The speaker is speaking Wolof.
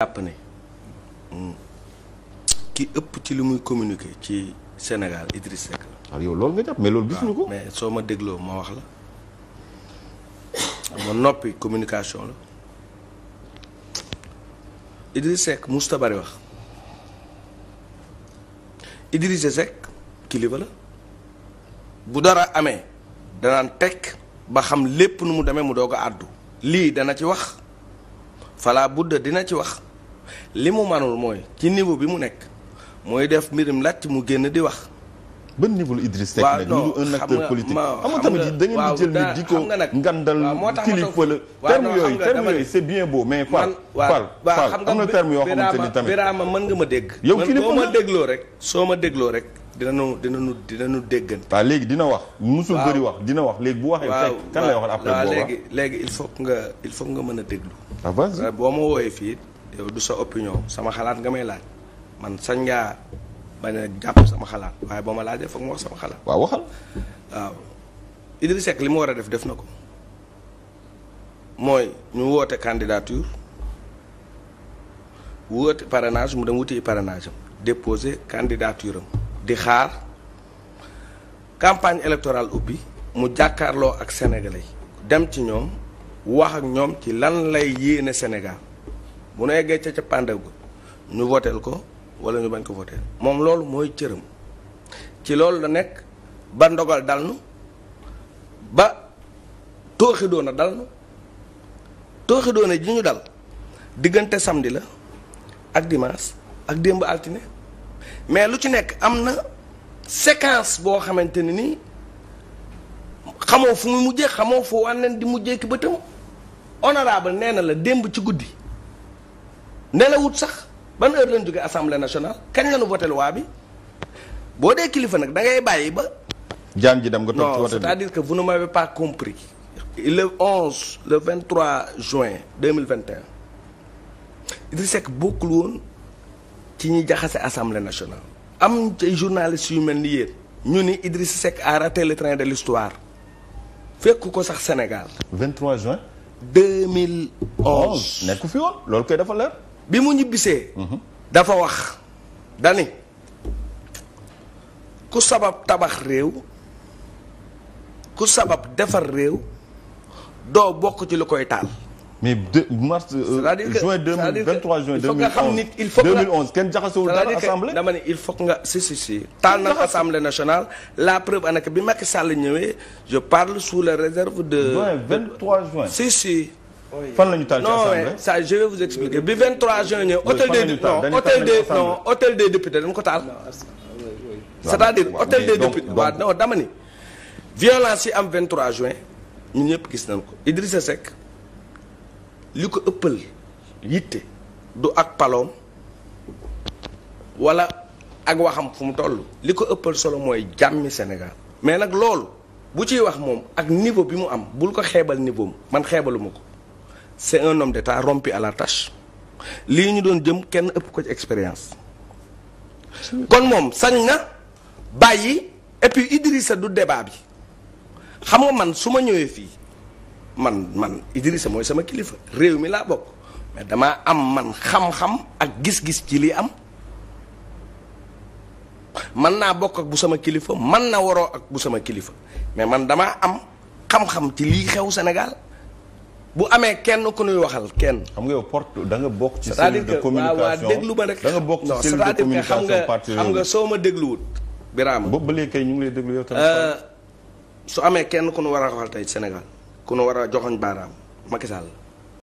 jàpp ne hmm, ki ëpp ci li muy communiquer ci Sénégal Idriss Seck la. waaw ah, yow loolu soo ma dégloo ma wax ma noppi communication la Idriss Seck wax Idriss Seck kilifa bu dara amee danaan tekk ba xam lépp nu mu demee mu doog a àddu lii dana ci wax falaa budda dina ci wax li mu manul mooy ci niveau bi mu nekk mooy def mbirim làcc mu génn di wax. ban niveau lu Idriss Seck nag ñu un acteur politique xam nga tamit da ngeen di jël ni di ko ngandal kilifa la terme yooyu terme yooyu c'est bien beau mais Fall Fall Fall am na terme yoo xamante ni tamit Birama mën nga ma dégg yow kilifa soo ma dégloo rek soo ma dégloo rek dinañu dinañu dinañu déggante waaw léegi dina wax musul bëri wax dina wax léegi bu waxee fekk kan lay waxal après booba léegi léegi il faut nga il faut nga mën a déglu ah, boo ma wooyee fii yow du sa opinion sama xalaat nga may laaj man sañ ngaa bañ a jàpp sama xalaat waaye boo ma laajee foog ma wax sama xalaat. waaw waxal. waaw Idriss Seck li mu war a def def na ko mooy ñu woote candidature woote parenage mu dem wuti parrainage am déposer am di xaar campagne électorale ubbi mu jàkkaarloo ak sénégalais dem ci ñoom wax ak ñoom ci lan lay yéene Sénégal. bu nu eggee ca ca pàndaw ba ñu voteel ko wala ñu bañ ko voteel moom loolu mooy cëram ci loolu la nekk ba ndogal dal nu ba tooxi doona dal nu tooxi doona ji ñu dal diggante samdi la ak dimanche ak démb altine mais lu ci nekk am na séquence boo xamante ne nii xamoo fu mu mujjee xamoo fu wànneen di mujjee ki bëtam honorable nee na la démb ci guddi nelawut sax ban heure lañ jógee assemblée nationale kañ la ñu voté bi boo dee kilifa nag da ngay bàyyi ba. jaam ji dem nga toog ci à dire que vous ne m'avez pas compris. le 11 le 23 juin 2021 Idrissa Seck bokkul woon ci ñi jaxase assemblée nationale. am ci journaliste yu mel ni yéen. ñu ni Idrissa Seck a raté le train de l'histoire fekk ko sax Sénégal. 23 juin. 2011 nekku fi woon loolu koy dafa leer. bi mu ñibbisee. dafa wax dani ku sabab tabax réew ku sabab defar réew doo bokk ci lu koy taal. mais de mars. Euh, cest juin juin il faut nga xam nit il faut 2011 kenn jaxasewul taal na assemblée nationale la preuve anaka bi Macky Sall ñëwee je parle sous la réserve de. juin 23 juin si si. fan la ñu taal ci assemblée non mais ça je vais vous expliquer bi 23 juin ñëw hôtel des non hôtel des non hôtel des députés dañ ko taal. c'est-à-dire hôtel des députés non dama ni. violence yi am 23 juin ñun ñëpp gis nañ ko Idrissa Seck li ko ëppal yitte du ak paloom wala ak waxam fu mu toll. li ko ëppal solo mooy jàmmi Sénégal mais nag loolu bu ciy wax moom ak niveau bi mu am bul ko xeebal niveau man xeebaluma ko. c'est un homme d'État rompi à la tache lii ñu doon jëm kenn ëpp ko ci expérience kon moom sañ na bàyyi et puis Idrissa du débat bi xam nga man su ma ñëwee fii man man sa mooy sama kilifa réew mi laa bokk mais damaa am man xam-xam ak gis-gis ci lii am man naa bokk ak bu sama kilifa man naa waroo ak bu sama kilifa mais man damaa am xam-xam ci lii xew senegal bu amee kenn ku nuy waxal kenn. xam nga yow porte da nga bokk. ci cellule de communication déglu ma rek. da nga bokk ci cellule de communication parti xam nga soo ma dégluwut. Birama boobu ba léegi kay ñu ngi lay déglu yow tamit. Euh, su amee kenn ku nu war a waxal tey Sénégal ku nu war a joxoñ baaraam Macky Sall